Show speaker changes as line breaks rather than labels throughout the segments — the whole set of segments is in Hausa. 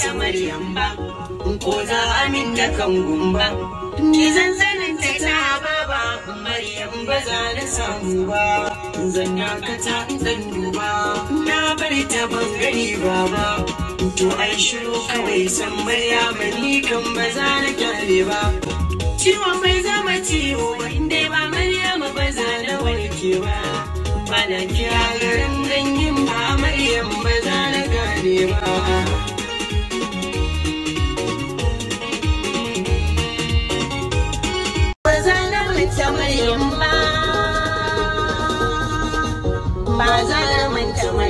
ta maryam ba ko za amin da kan gumba ni zan zanin ta ta baba maryam ba za na samu ba zan dakata dan duba na bar ta ban gani baba to ai shiru kawai san maryam ni kan ba za na kyale ba ciwon bai zama ciwo ba wanda ba maryam ba za na warke ba Bana na kira garin ganyen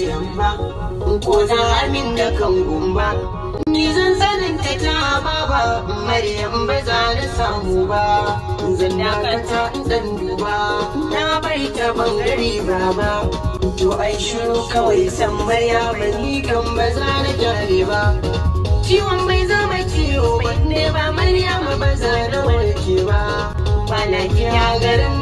yamma ko za min da kan gumba ni zan sanin ta ta baba maryam ba za na samu ba zan dakata dan duba na bai ta bangare baba to ai shiru kawai san ba ni kan ba za na jare ba ciwon bai zama ciwo ne ba maryam ba za na warke ba ba na garin